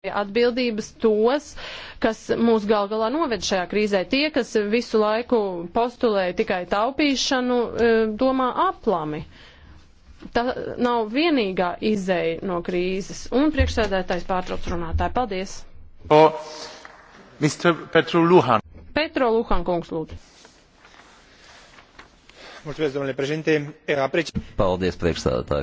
atbildības tos, kas mūs gal galā noved šajā krīzē. Tie, kas visu laiku postulē tikai taupīšanu, e, domā aplami. Tā nav vienīgā izēja no krīzes. Un priekšsēdētājs pārtrauc runātāju. Paldies! O, Mr. Petru Luhan. Petro Luhan kungs lūdzu. Mulțumesc, domnule președinte. Apreci... Paldies, priekšsēdētāji.